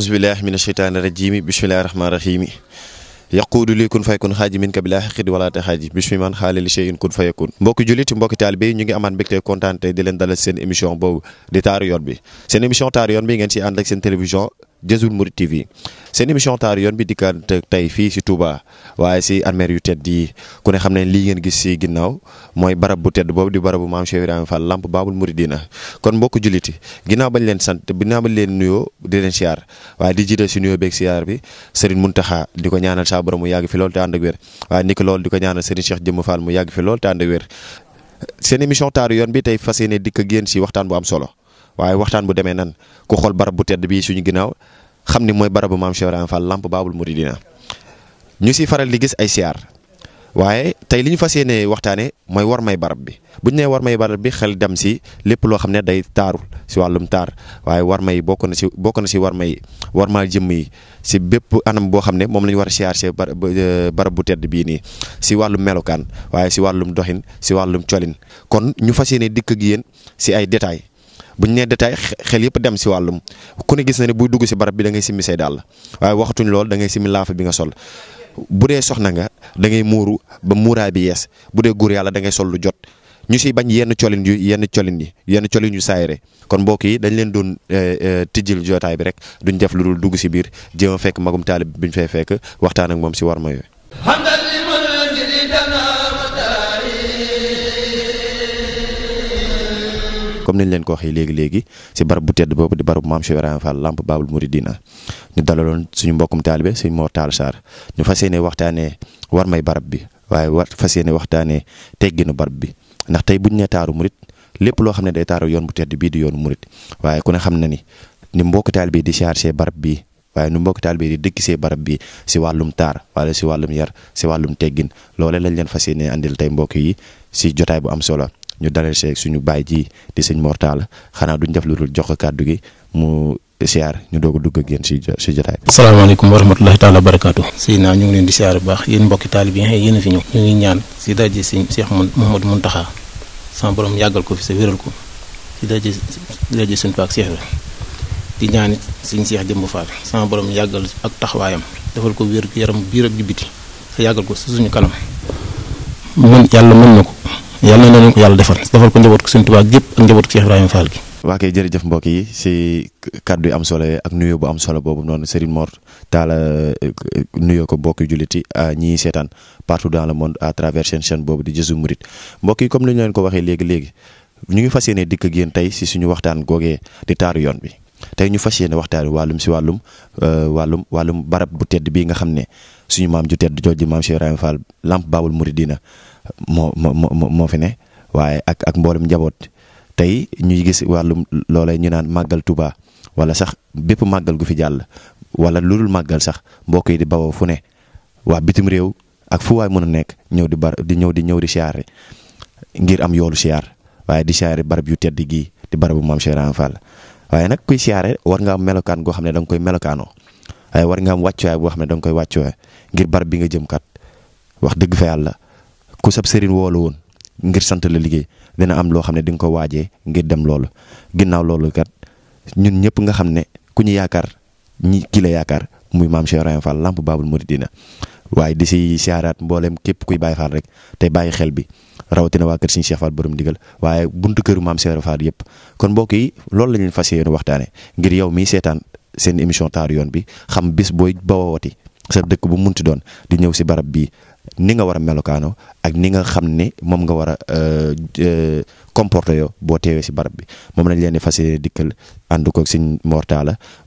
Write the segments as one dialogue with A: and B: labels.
A: أعوذ بالله من الشيطان الرجيم بسم الله الرحمن الرحيم يقول لي كن فيكون حاج منك بلا حقد ولا تحاج بسم من خال لشيء كن فيكون بوكي جوليت بوكي طالب نيغي امان بك تي كونتانت دي لين دال سين ايميشن بو دي تار يور بي سين ايميشن تار يور بي نغي سين تلفزيون Jazboul Mouride TV seen émission taaru yoon bi dikkaat tey fii si Touba waaye si armeer yu tedd yi ku ne xam ne lii ngeen gis si ginnaaw mooy barab bu tedd boobu di barabu maam Cheikh Ibrahima Fall Lamp Baabul Mouridina kon mbokk julliti ginnaaw bañ leen sant ginnaaw bañ leen nuyoo di leen siyaar waaye di jiital si nuyoo beeg siyaar bi Serigne Mountakha di ko ñaanal saa borom mu yàgg fi lool te ànd ak wér waaye ni ko loolu di ko ñaanal Serigne Cheikh Jëmm Fall mu yàgg fi lool te ànd ak wér seen émission taaru yoon bi tey fas yéene dikk génn si waxtaan bu am solo waaye waxtaan bu demee nan ku xool barab bu tedd bi suñu ginnaaw xam ni mooy barabu maam Cheikh Ibrahima Fall lamp baabul muridina ñu si faral di gis ay siar waaye tey li ñu fas yéene war may barab bi bu ne war may barab bi xel dem si lépp loo xam ne day taaru si wàllum taar waaye war may bokk na si bokk na si war may war maa jëmm yi si bépp anam boo xam ne moom la ñu war a siyaar si e, barab bu tedd bii nii si wàllum melukan, waaye si wàllum dohin, si wàllum colin kon ñu fas yéene dikk gi yéen si ay détails bu ñu nee détail xel yëpp dem si wàllum ku ne gis na ne buy dugg si barab bi da ngay simmi say dàll waaye waxatuñ lool da simmi laafa bi nga sol bu dee soxna nga da ngay muuru ba muuraay bi yees bu dee guur yàlla da ngay sol lu jot ñu siy bañ yenn colin yu yenn colin yi yenn colin yu saayre kon mbokk yi dañ leen doon eh, eh, tijjil jootaay bi rek duñ def lu dul dugg si biir jéem a fekk magum taalib ñu fay fekk waxtaan ak moom si warma yooyu comme nañ leen ko waxee léegi léegi si barab bu tedd boobu di barab maam Cheikh Ibrahima Fall Lamp Baabul Mouridina ñu dalaloon suñu mbokkum taalibe su Mor Talla Sarr ñu fas yéene waxtaanee war may barab bi waaye war fas yéene waxtaanee tegginu barab bi ndax tey buñ ne taaru murit lépp loo xam ne day taaru yoon bu tedd bii di yoonu murit waaye ku ne xam na ni ni mbokk taalibe di chargé barab bi waaye nu mbokk taalibe di dëkkisee barab bi si wàllum taar wala si wàllum yar si wàllum teggin loole lañ leen fas yéene andil tey mbokk yi si jotaay bu am solo ñu dalal seeg suñu baay ji di sëñ mortaal xanaa duñ def lu dul jox ko kàddu gi mu siyaar ñu doog a dugg ak yéen si si jotaay bi.
B: asalaamaaleykum wa rahmatulahi taala barakaatu. sëy naa ñu ngi leen di siyaar bu baax yéen mbokki taalib yi yéen a fi ñëw. ñu ñaan si daje sëñ Cheikh Mouhamadou Mountakha sama boroom yàggal ko fi sa wéral ko si daje si daje suñu paak Cheikh di ñaan it seex Cheikh Jëmb Fall sama borom yàggal ak taxawaayam defal ko wér yaram biir ak jubbiti sa yàggal ko su suñu kanam
A: mën yàlla mën na ko yàlla na leen ko yàlla defal defal ko njaboot ko Sëñ Tuubaa gépp ak njaboot ko Cheikh Ibrahima Fall gi. waa kay jërëjëf mbokk yi si kàddu yi am solo ak nuyoo bu am solo boobu noonu Serigne Mor Talla eh, nuyoo ko mbokk jullit yi ah, ñii seetaan partout dans le monde à travers seen chaîne boobu di Jazboul Mouride mbokki comme ni ñu leen ko waxee léegi léegi ñu ngi fas yéene dikk ak tey si suñu waxtaan googee di taaru yoon bi. tey ñu fas yéene waxtaan wàllum si wàllum euh, wàllum wàllum barab bu tedd bii nga xam ne suñu maam ju tedd jooju maam Cheikh Ibrahima Fall Lamp Baabul Muridina moo moo moo moo fi ne waaye ak ak mboolem njaboot tey ñuy gis wàllum loolee ñu naan màggal tubaa wala sax bépp màggal gu fi jàll wala lu màggal sax mbokk yi di bawoo fu ne waa bitim réew ak fu waay mën a nekk ñëw di bar di ñëw di ñëw di siyaare ngir am yoolu siyaar waaye di siyaare barab yu tedd gii di barabu maam Cheikh Ibrahima Fall waaye nag kuy siyaare war nga am melokaan goo xam ne da koy melokaanoo waaye war nga am wàccuwaay boo xam ne da nga koy wàccuwaay ngir barab bi nga jëm kat wax dëgg fa yàlla ku sab sëriñ woo woon ngir sant la liggéey dina am loo xam ne di ko waajee ngir dem loolu ginnaaw loolu kat ñun ñëpp nga xam ne ku ñu yaakaar ñi ki la yaakaar muy maam Cheikh Ibrahima Fall lamp Baabul Muridina waaye di si siyaaraat mboolem képp kuy bàyyi faal rek te bàyyi xel bi rawatina waa kër Serigne Cheikh Fall borom ndigal waaye buntu kër maam Cheikh Fall yëpp kon mbokk yi loolu la ñu leen fas yéene waxtaane ngir yow mii seetaan seen émission taaru yoon bi xam bis booy ba wooti sa dëkk bu munti doon di ñëw si barab bii ni nga war a melokaano ak ni nga xam ni moom nga war a euh, euh, comporté yoo boo teewee si barab bi moom lañ leen di fas yéene dikkal ànd ko Serigne Mor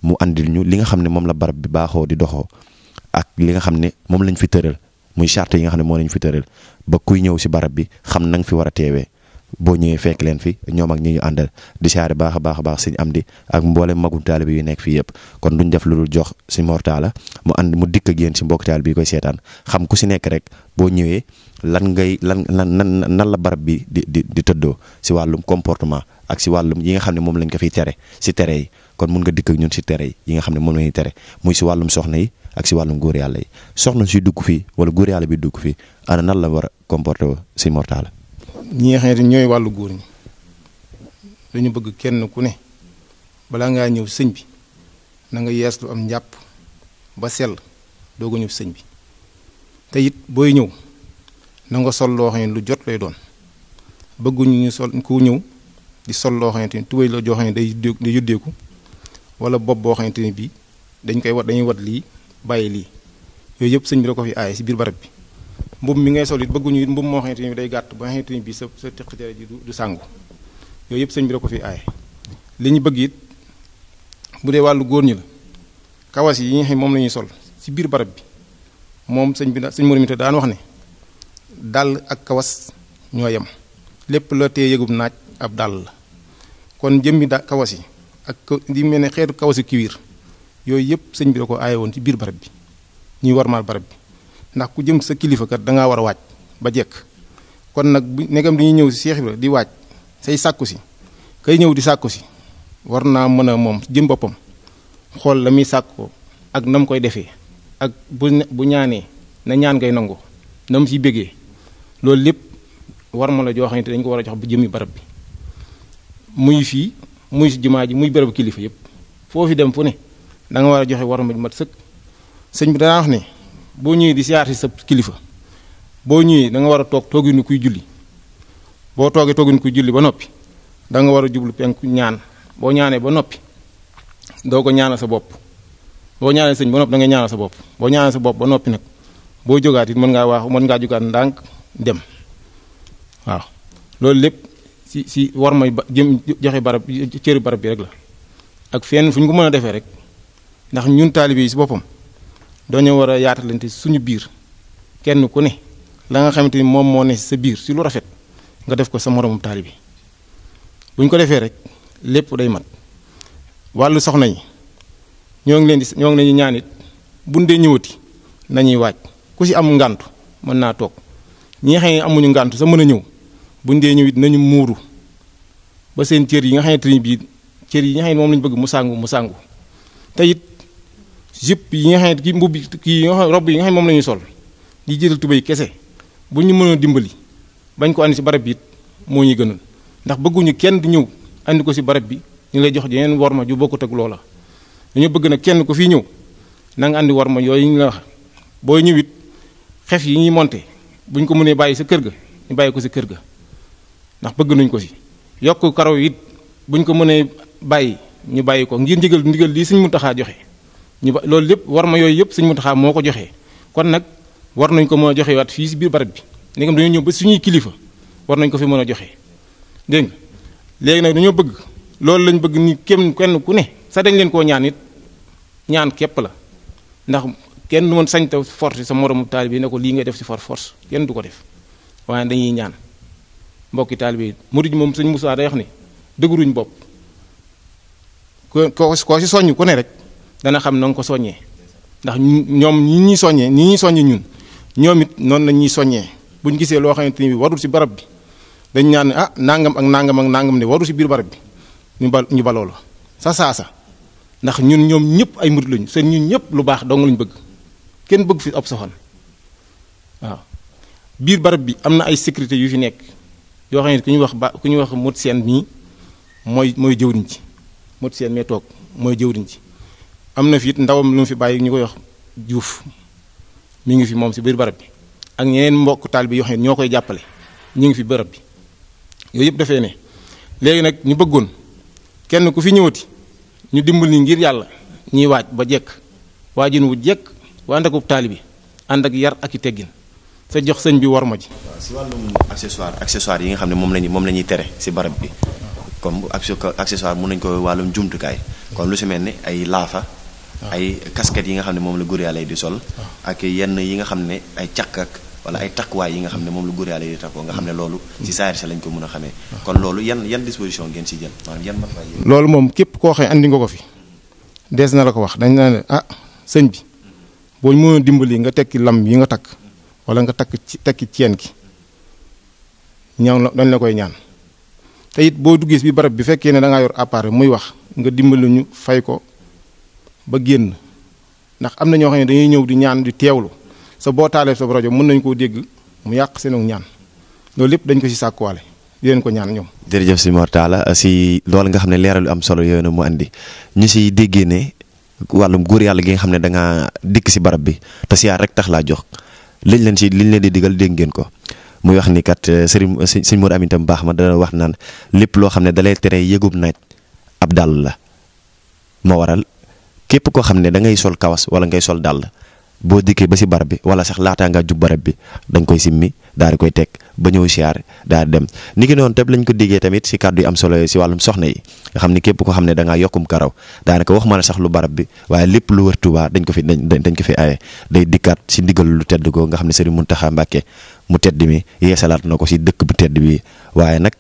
A: mu andil ñu li nga xam ne moom la barab bi baaxoo di doxoo ak li nga xamne mom lañ fi tëral muy charte yi nga xamne mo lañ fi tëral ba kuy ñew si barab bi xam na fi wara tewé bo ñewé fekk leen fi ñom ak ñi ñu di siyaare baax baax baax Amdi ak mbolé magu talib yu nekk fi yépp kon duñ def lulul jox si mortala mu and mu dik ak yeen ci mbokk talib yi koy seetaan xam ku ci nekk rek bo ñewé lan ngay lan nan la barab bi di di di teddo si walum comportement ak ci walum yi nga xamne mom lañ ko fi téré si téré yi kon mën nga dik ak ñun ci téré yi nga xamne ne moom téré muy ci walum soxna yi ak si wàllu góor yàlla yi soxna si dugg fii wala góor yàlla bi dugg fii ana nan la war a comporté wo si mortaala
B: ñi nga xam ñooy wàllu góor ñi dañu bëgg kenn ku ne balaa ngaa ñëw sëñ bi na nga yees lu am njàpp ba sell doo ko ñëw sëñ bi te it booy ñëw nanga sol loo xam lu jot lay doon bëgguñu ñu sol ku ñëw di sol loo xamante ni tubéy la joo xam ne day day yuddeeku wala bopp boo xamante ni bii dañ koy wat dañuy wat lii baye li yoy yep sëñ bi da ko fi aaye ci bir barab bi mbum mi ngay sol it bëgguñu mbubb moo xamante ni day gatt ba xamante ni bi sa sa tekk jare ji du sangu yoy yep sëñ bi da ko fi aaye li ñu bëgg it bu dé walu goor ñi la kawas yi ñi xam mom lañuy sol ci bir barab bi mom sëñ bi sëñ Mor Mita daan wax ne dal ak kawas ñoo yam lepp lo tee yegum naaj ab dal kon jëmmi da kawas yi ak di melni xéetu kawasu kiwiir yooyu yépp sëñ bi da ko aaye woon ci biir barab bi ñuy warmaal barab bi ndax ku jëm sa kilifa kat da ngaa war a waaj ba jekk kon nag bu negam dañuy ñëw si Cheikh Ibra di waaj say sàkku si kay ñëw di sàkku si war naa mën a moom jëm boppam xool la muy sàkkoo ak nam koy defee ak bu bu ñaanee na ñaan ngay nangu na si bégee loolu lépp war ma la joo xamante dañ ko war a jox bu jëmi barab bi muy fii muy si jumaa ji muy barabu kilifa yépp foofi dem fu ne da nga war a joxe waru mat sëkk sëñ bi danaa wax ne boo ñëwee di siyaar sa kilifa boo ñëwee da nga war a toog tooginu kuy julli boo toogee tooginu kuy julli ba noppi da nga war a jublu penku ñaan boo ñaanee ba noppi doo ko ñaanal sa bopp boo ñaanee sëñ ba noppi da ñaanal sa bopp boo ñaanee sa bopp ba noppi nag boo jógaat it mën ngaa mën ngaa jógaat ndànk dem waaw loolu lépp si si war may jëm joxe barab cëri barab bi rek la ak fenn fu ko mën a defee rek ndax ñun taalibe yi si boppam dañoo war a yaatalante suñu biir kenn ku ne la nga xamante ni moom moo ne sa biir si lu rafet nga def ko sa moroomu taalibe bu ñu ko defee rek lépp day mat wàllu soxna yi ñoo ngi leen di ñoo ngi leen di ñaan it buñ dee ñëwati nañuy waaj ku si am ngàntu mën naa toog ñi nga amuñu ngàntu sa mën a ñëw buñ dee ñëw nañu muuru ba seen cër yi nga xamante ni bii cër yi nga xam moom lañu bëgg mu sàngu mu sàngu te Jip yi nga xamne ki mbub ki rob yi nga xamne mom lañuy sol di jël tubay kessé bu ñu mëna dimbali bañ ko andi ci barab bi mo ñi gënal ndax bëgguñu kenn di ñew andi ko ci barab bi ñu lay jox yeneen worma ju bokkut ak loola dañu bëgg na kenn ku fi ñëw na nga andi worma yooyu ñu la wax booy ñëwit xef yi ñuy monté buñ ko mënee bàyyi sa kër ga ñu bàyyi ko sa kër ga ndax bëgg nañ ko si yokk karaw it buñ ko mënee bàyyi ñu bàyyi ko ngir ndigal ndigal lii suñ mu joxe ñu loolu lépp war ma yooyu yëpp sëñ Muntaxa moo ko joxee kon nag war nañ ko mën a joxe waat fii si biir barab bi ni nga dañoo ñëw ba suñuy kilifa war nañ ko fi mën a joxe dégg nga léegi nag dañoo bëgg loolu lañ bëgg ni kenn kenn ku ne sax dañ leen koo ñaan it ñaan képp la ndax kenn du mën sañ ta force sa moromu taalibe ne ko lii ngay def si for force kenn du ko def waaye dañuy ñaan mbokki taalibe murid moom sëñ Moussa day wax ni dëgguruñ bopp ko ko si soñ ku ne rek. dana xam na ko soññee ndax ñoom ñi ñuy soññee ñi ñuy soññee ñun ñoom it noonu la ñuy soññee buñ gisee loo xamante ni bi warul si barab bi dañ ñaan ah nangam ak nangam ak nangam ne warul si biir barab bi ñu ba ñu baloo la sa ndax ñun ñoom ñëpp ay murid lañu seen ñun ñëpp lu baax dong lañu bëgg kenn bëgg fi ab soxan waaw biir barab bi am na ay sécurité yu fi nekk yoo xam ne ku wax ba ku ñuy wax mot seen nii mooy mooy jëwriñ ci mot seen mee toog mooy jëwriñ ci am na fi it ndawam lu mu fi bàyyi ñu wax juuf mi ngi fi mom si biir barab bi ak ñeneen mbokk taal bi yoo xam ne ñoo koy ngi fi barab bi yooyu yëpp dafee ne léegi nag ñu bëggoon kenn ku fi ñëwati ñu dimbal ni ngir yàlla ñuy waaj ba jekk waajin wu jekk ànd akub taali bi yar ak i teggin sa jox sëñ bi war ma ji.
A: si wàllum accessoire accessoire yi nga xam ne moom lañuy moom lañuy tere si barab bi comme accessoire mun nañ ko wàllum jumtukaay comme lu si mel ni ay lafa ay casquette yi nga xamne mom la di sol ak yenn yi nga xamne ay càkk ak wala ay takwa yi nga xamne mom la góor yàlla di takko nga xamne lolu ci sa lañ ko mëna xamé kon lolu yan yan disposition ngeen si jël manam yan matay lolu
B: mom kep ko xé andi nga ko fi dess na la ko wax dañ na ah señ bi bo mënoon dimbali nga tekki lam yi nga tak wala nga tak ci tekki ceen gi ñaw dañ la koy ñaan tayit bo du gis bi barab bi fekke ne da nga yor appareil muy wax nga dimbali ñu fay ko ba génn ndax am na ñoo xam ne dañuy ñëw di ñaan di teewlu sa boo taalee sa rajo mën nañ koo dégg mu yàq seenu ñaan loolu lépp dañ ko si sàkkuwaale di leen ko ñaan ñoom
A: jërëjëf si mortala si loolu nga xam ne leeral am solo yooyu mu andi ñu si déggee ne wàllum góor yàlla gi nga xam ne da nga dikk si barab bi te siyaar rek tax laa jox liñ leen si liñ leen di digal dégg ngeen ko muy wax ni kat eh, Serigne Serigne mor amin tam baax ma wax naan lépp loo xam ne lay tere yëgub naaj ab dàll la moo waral képp ko xam da ngay sol kawas wala ngay sol dal bo dikkee ba ci barab bi wala sax laataa nga djub barab bi koy simmi daal koy tek ba ñew siyaar daal dem ni ki lañ ko diggé tamit si kàddu yi am solo si walum soxna yi nga xam ne képp koo xam da nga yokum karaw daanaka wax ma la sax lu barab bi waaye lu wër tuba dañ ko fi dañ ko fi aye day dikkat si ndigal lu tedd go nga xam serigne muntaha mbacké mu tedd mi yeesalaat nako ci si dëkk bu tedd bi waye nak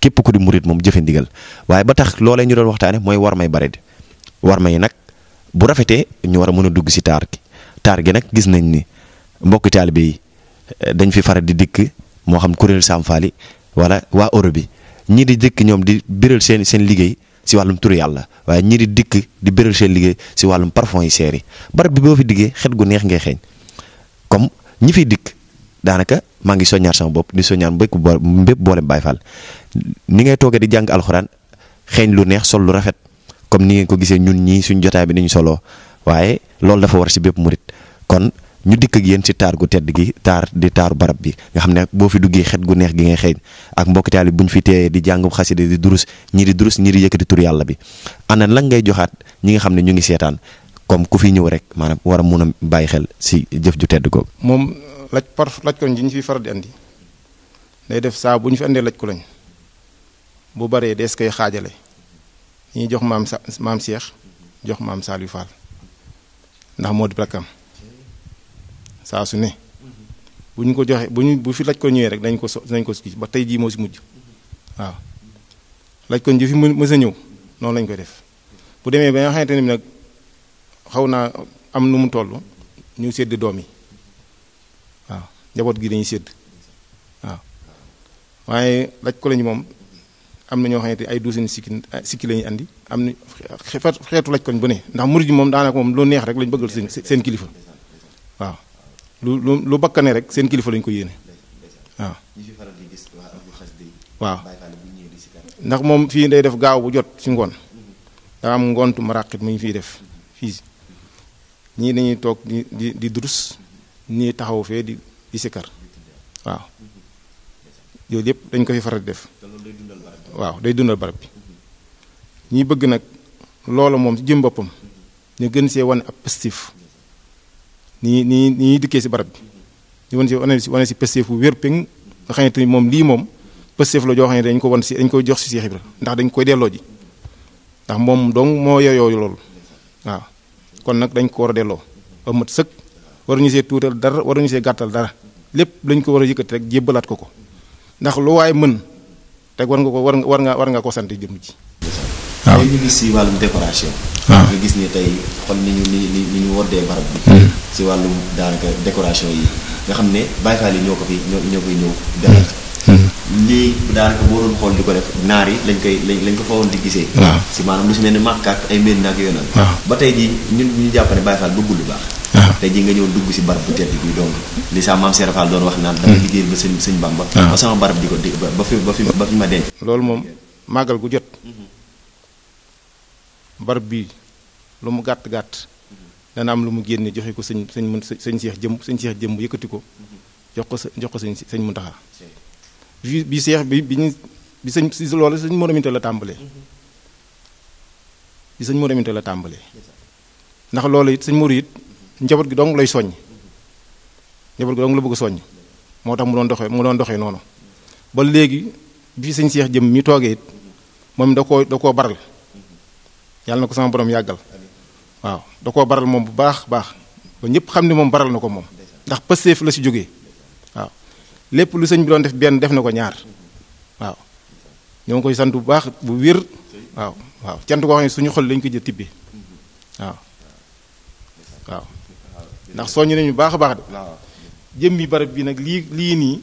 A: képp ko di mourid mom jëfë ndigal waye ba tax lolé ñu doon moy war may bari war may nak bu rafété ñu wara mëna dugg si tar gi tar gi nak gis nañ ni mbokk talibé yi eh, dañ fi faral di dikk mo xam Samfali wala wa Europe bi ñii di dikk ñom di biral seen seen liggéey si walum tour yalla waye ñi di dikk di biral seen liggéey si walum parfum yi séri yi barab bi bo fi diggé xet gu neex ngay xéñ comme ñi fi dikk danaka ma ngi soñar sama bop di soñar mbépp bo mbep Baay bayfal ni ngay togué di jang alcorane xéñ lu neex sol lu rafet comme ni ngeen ko gisee ñun ñii suñ jotaay bi ñu solo waaye loolu dafa war si bépp murit kon ñu dikk ak yéen si taar gu tedd gi taar di taaru barab bi nga xam ne boo fi duggee xet gu neex gi ngay xeeñ ak mbokki taali bu ñu fi teeyee di jàng xasida di durus ñii di durus ñii di yëkkati tur yàlla bi ana lan ngay joxaat ñi nga xam ne ñu ngi seetaan comme ku fi ñëw rek maanaam war a mun a bàyyi xel si jëf ju tedd googu.
B: moom laj par laj ko ñu fi faral di andi day def saa bu ñu fi andee laj ko lañ bu baree dees koy xaajale. ñuy jox maam sa maam Cheikh jox maam Saliou Fall ndax moo di rakkam saa su ne bu ñu ko joxee bu ñu bu fi laj ko ñëwee rek dañ ko so dañ ko si ba tey jii moo si mujj waaw laj ko ji fi mës a ñëw noonu lañ koy def bu demee ba nga xamante ne nag xaw naa am nu mu toll ñu sédd doom yi waaw njaboot gi dañuy sédd waaw waaye laj ko lañu moom am na ñoo xamante ay douzaine sikki ah, sikki la ñuy andi am na xeetu laj bu ne ndax murid yi moom daanaka moom lu neex rek lañ bëggal seen seen kilifa bakkane rek seen kilifa lañ ko yéene waaw.
A: waaw ndax moom
B: fii day def gaaw bu jot ci ngoon mhm. daa am ma maraqit mu ñu fiy def fii mhm. ñii dañuy toog di di di durus mhm. ñii taxaw fee di di waaw yooyu yëpp dañ ko fi faral di def. waaw day dundal barab bi ñi bëgg nag loolu moom ci jëm boppam ñu gën see wane ab positif nii nii ni ñuy dikkee si barab bi ñu wan si wane si wane si positif bu wér péng nga ni moom lii moom positif la joo xam ne dañ ko wan si dañ koy jox si Seex Ibra ndax dañ koy delloo ji ndax moom dong moo yooyu loolu waaw kon nag dañ ko war a delloo ba mat sëkk waruñu see tuutal dara waruñu see gàttal dara lépp lañ ko war a yëkkati rek jébbalaat ko ko ndax lu waaye mën te war nga ko war war nga war nga ko sant jëm ji.
A: waaw ah. ñu gis si wàllum décoration. waaw ah. nga gis ni tey xol ni ñu ni ñu ni ñu woddee barab bi. si hmm. wàllum daanaka décoration yi nga xam ne Baye yi ñoo ko fi ñoo ñoo koy ñëw defal. Hmm. Hmm. lii daanaka boo doon xool di ko def naar yi lañ koy lañ ko fa woon di gisee. waaw ah. si maanaam lu si mel ni màkkaat ay mbir nag yooyu nag. ba tey jii ñun ñu jàpp ne Baye Fall bëggul lu baax. tey ji nga ñëw dugg ci barab bu tedd bi donc li sa mam cheikh Fall doon wax naan dama liggéeyal ba sëñ sëñ Bamba ba sama barab diko ba fi ba fi ba fi ma denc lool mom
B: magal gu jot mhm. barab bi lu mu gatt gàtt mhm. dana am lu mu génne joxe ko sëñ sëñ mën cheikh seex jëm sëñ seex jëm yëkkati ko mhm. jox ko jox ko sëñ sëñ muntaha bi bi bi bi ñu bi sëñ si loolu sëñ moraminte la tambalé bi sëñ moraminte la tambalé ndax loolu it sëñ moru njabot gi dong lay soñ njabot gi dong la bëgg soñ motax mu doon doxé mu doon doxé nonu ba légui bi sëñ cheikh jëm mi togué it moom da ko da ko baral yalla nako sama borom yagal waaw da ko baral mom bu baax baax ba ñepp xamni mom baral nako mom ndax pësteef la ci joggé waaw lepp lu sëñ bi doon def ben def nako ñaar waaw ñoo ngi koy sant bu baax bu wir waaw waaw cant koo xam suñu xol lañ ko jëtibé waaw waaw ndax soññu nañu baax a baax de jëmmi barab bi nag lii lii nii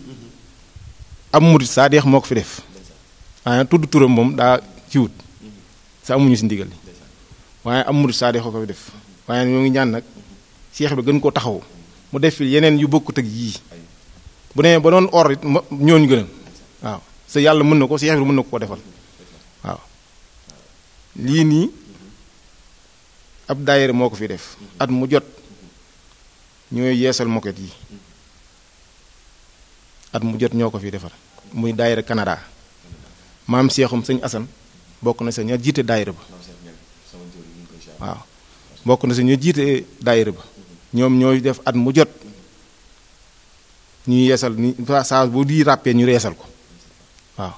B: am murit saa deex moo ko fi def maanaam tudd turam moom daa ci wut sa amuñu si ndigal waaye am murit saa deex ko fi def waaye ñoo ngi ñaan nag seex bi gën koo taxaw mu def fi yeneen yu bokkut ak yii bu nee ba doon or it ñooñu gënal waaw sa yàlla mën na ko seex bi mën na ko defal waaw lii nii ab daayira moo ko fi def at mu jot ñooy yeesal moquette yi at mu jot ñoo ko fi defar muy daayira Canada maam seexum sëñ Assane bokk na sañ ña jiite daayira ba na sa ña jiite daayira ba ñoom ñooy def at mu jot ñuy yeesal ni saa bu di ràppee ñu yeesal ko waaw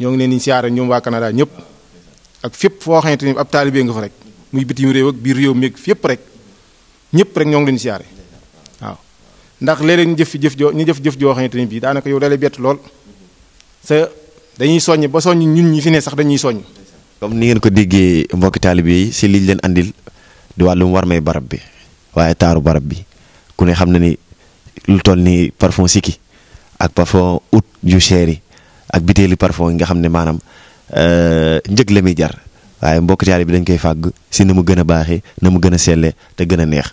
B: ñoo ngi leen di siyaare ñoom waa Canada ñëpp ak fépp foo xamante ni ab taalibe nga fa rek muy bitim réew ak biir réew mi ak fépp rek ñëpp rek ñong leen ziaré waaw ndax léeg ñu jëf jëf jo ñu jëf jëf joo xamante bi da naka yow dalé bét lool sa dañuy soñ ba soñ ñun ñi fi né sax dañuy soñ
A: comme ni ngeen ko diggé mbokk talib yi si liñ leen andil di walum war may barab bi waye taru barab bi ku ne xamna ni lu toll ni parfum siki ak parfum ut yu chéri ak bitéli parfum nga xam ne euh ñëg la jar waaye mbokk taalibe bi dañ koy fàgg si na mu gën a baaxee na mu gën a selle te gën a neex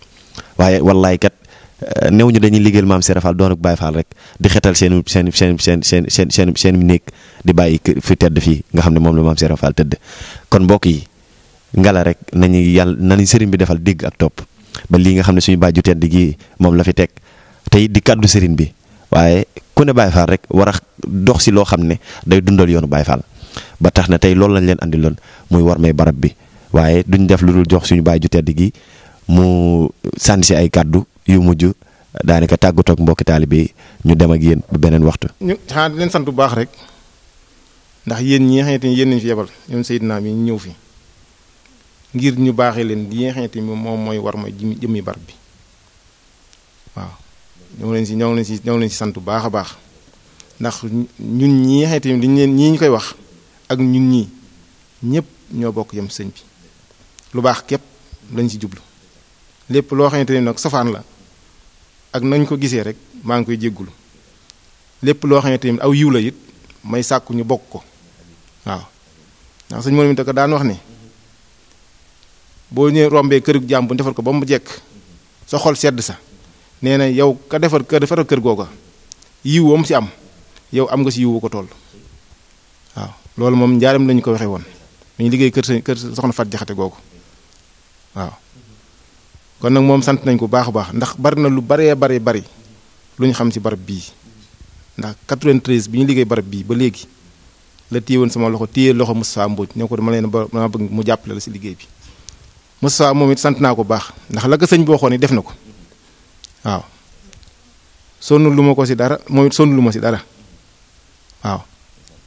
A: waaye wallaay kat euh, new ñu dañuy liggéeyal maam Serap Fall doon ak Baye Fall rek di xetal seen seen seen seen seen seen seen seen néeg di bàyyi fi tedd fii nga xam ne moom la maam Serap Fall tëdd kon mbokk yi ngala rek nañu yàlla nañu sëriñ bi defal dégg topp ba lii nga xam ne suñu bàjju tedd gi moom la fi teg tey di kàddu sëriñ bi waaye ku ne Baye Fall rek war a dox si loo xam ne day dundal yoonu Baye Fall ba tax na tey loolu lañ leen andiloon muy war may barab bi waaye duñ def lu dul jox suñu baay ju tedd gi mu sànni si ay kàddu yu mujj daanaka tàggatoo ak mbokki taalibe ñu dem ak yéen ba beneen waxtu.
B: ñu xanaa di leen sant bu baax rek ndax yéen ñi nga yéen nañ fi yebal ñoom mi ñëw fi ngir ñu baaxee leen li nga xamante moom mooy war mooy jëmmi barab bi waaw. ñoo si ñoo leen si ñoo leen sant bu baax a baax ndax ñu ñi nga xamante ni liñ ñii ñu koy wax. ak ñun ñi ñëpp ñoo bokk yem sëñ bi lu baax képp lañ ci jublu lépp loo xamante ne nag sofaan la ak nañ ko gisee rek maa ngi koy jéggulu lépp loo xamante ne aw yiw it may sàkku ñu bokk ko waaw ndax sëñ moom it ko daan wax ne boo ñëwee rombee kër jàmm bu defar ko ba mu jekk sa xol sedd sa nee na yow ka defar ka defar kër googa yiwoo mu ci am yow am nga ci yiwu ko toll waaw loolu moom njaaram lañu ko waxee woon mi ngi liggéey kër sa kër soxna Fat Jaxate googu waaw kon nag moom sant nañ ko baax a baax ndax bari na lu baree bari bari lu ñu xam si barab bii ndax 93 bi ñu liggéey barab bii ba léegi la téye woon sama loxo téye loxo Moussa Mbodj ne ko dama leen ba dama bëgg mu jàppale la ci liggéey bi Moussa moom it sant naa ko baax ndax la ko sëñ boo xoon def na ko waaw sonn lu ma ko ci dara moom it sonn lu ma si dara waaw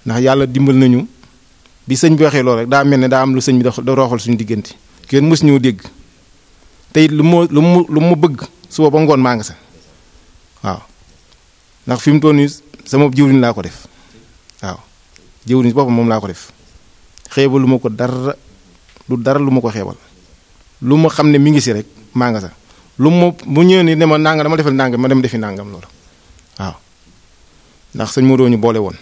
B: ndax yàlla dimbal nañu bi sëñ bi waxee loolu rek daa mel ne daa am lu sëñ bi da rooxal suñu diggante kenn mës ñoo dégg tey lu ma lu mu lu ma bëgg suba ba ngoon maa nga sax waaw ndax fi mu toll nii sama jiwriñ laa ko def waaw jiwriñ si moom laa ko def lu ma ko dara lu dara lu ma ko xeebal lu ma xam ne mi ngi si rek maa nga sax lu ma bu ñëwee ni ne ma nangam dama defal nangam ma dem defi nangam loolu waaw ndax sëñ moo doo ñu boole woon.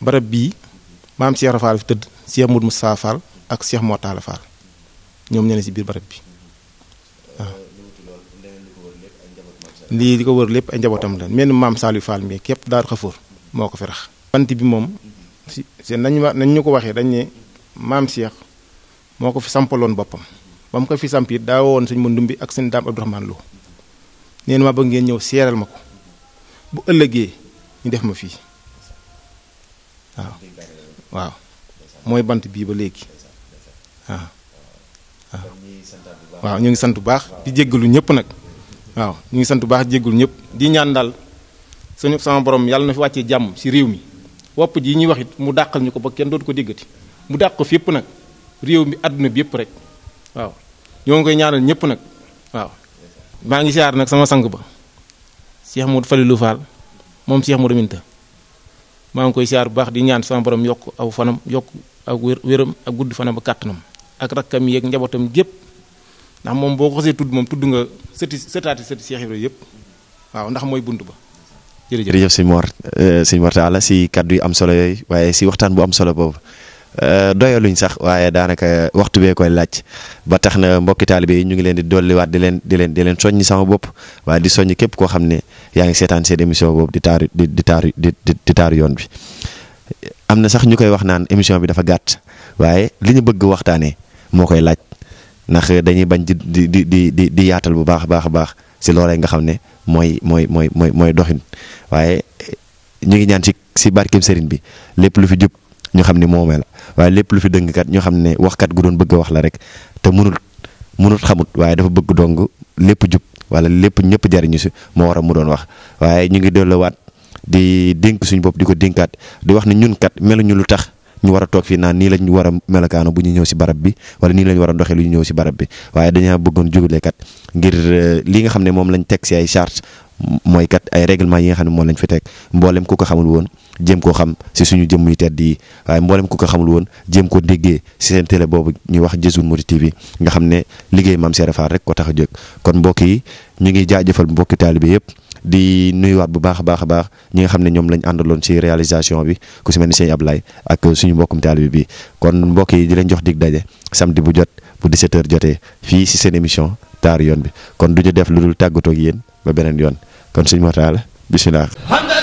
B: barab bi maam Cheikh Rafaal fi tëdd Cheikh Moudou Moussa Fall ak Cheikh Motaala Fall ñoom ñene ci biir barab bi eh, li di li ko wër lépp ay njabootam la mel maam Saliou Fall mi képp daaru xafoor moo ko fi rax bant bi moom si nañ ma nañ ñu ko waxee dañ ne maam Cheikh moo ko fi sampaloon boppam ba mu ko fi samp it daa woon suñ ma ndumbi ak seen Abdourahmane Lo neen ma bëgg ngeen ñëw seeral ma ko bu ëllëgee ñu def ma fii waaw waaw mooy bant bii ba léegi waaw ñu ngi sant bu baax di jéggalu ñëpp nag waaw ñu ngi sant bu baax di jéggalu ñëpp di ñaan daal suñu sama borom yàlla na fi wàccee jàmm ci réew mi wopp ji ñuy wax it mu dàqal ñu ko ba kenn dootu ko déggati mu dàq ko yépp nag réew mi àdduna bi yépp rek waaw ñoo ngi koy ñaanal ñëpp nag waaw bangi siar nak sama sang ba Cheikh Modou Falilou Fall mom Cheikh Minta maa ngi koy siyaar bu yok, di ñaan sama borom yok aw fanam yok ak wér wéram ak gudd fanam ak kàttanam ak rakkam yeeg njabootam gépp ndax mom boo ko xasee tudd moom tudd nga sëti sëtaati sëti Cheikh waaw ndax ba jërëjëf
A: sëñ Mor euh, sëñ ta ala si kadui am solo yooyu si waxtaan bu am solo Euh, doyaluñ sax waaye daanaka waxtu bee koy laaj ba tax na mbokki taalibe yi ñu ngi leen di dolliwaat di leen di leen di leen soññi sama bopp waaye di soññi képp koo xam ne yaa ngi seetaan seen émission boobu di di di di di yoon bi am na sax ñu koy wax naan émission bi dafa gàtt waaye li ñu bëgg waxtaanee moo koy laaj ndax dañuy bañ di di di di di yaatal bu baax a baax a baax si loolee nga xam ne mooy mooy mooy mooy mooy doxin waaye ñu ngi ñaan ci si barkeem sëriñ bi lépp lu fi jub ñu xam ni moomee la waaye lépp lu fi dëng kat ñu xam ne wax kat gu doon bëgg wax la rek te mënul mënul xamut waaye dafa bëgg dong lépp jub wala lépp ñëpp jariñu si moo war a mu doon wax waaye ñu ngi delluwaat di dénk suñu bopp di ko dénkaat di wax ne ñun kat meluñu lu tax ñu war a toog fii naan nii lañ war a melakaano bu ñu ñëw si barab bi wala nii lañ war a doxee lu ñu ñëw si barab bi waaye dañaa bëggoon jubalekat ngir eh, li nga xam ne moom lañ teg si ay charge mooy ay règlement yi nga xam ne moom lañ fi teg mboolem ko ko xamul woon jéem ko xam si suñu jëmm yu tedd yi waaye mboolem ku ko xamul woon jëm ko déggee si seen télé boobu ñu wax Jazboul Mouride TV nga xam ne liggéey maam Serap Fall rek ko tax a jóg kon mbokk yi ñu ngi jaajëfal mbokki taalibe yëpp di nuyuwaat bu baax a baax a baax ñi nga xam ne ñoom lañ àndaloon ci réalisation bi ku si mel ni sëñ Ablaye ak suñu mbokkum taalibe bi kon mbokk yi di lañ jox dig daje samedi bu jot bu 17 jotee fii si seen émission taar yoon bi kon du ñu def lu dul tàggatoo ak yéen ba beneen yoon kon suñu waxtaan la bisimilah.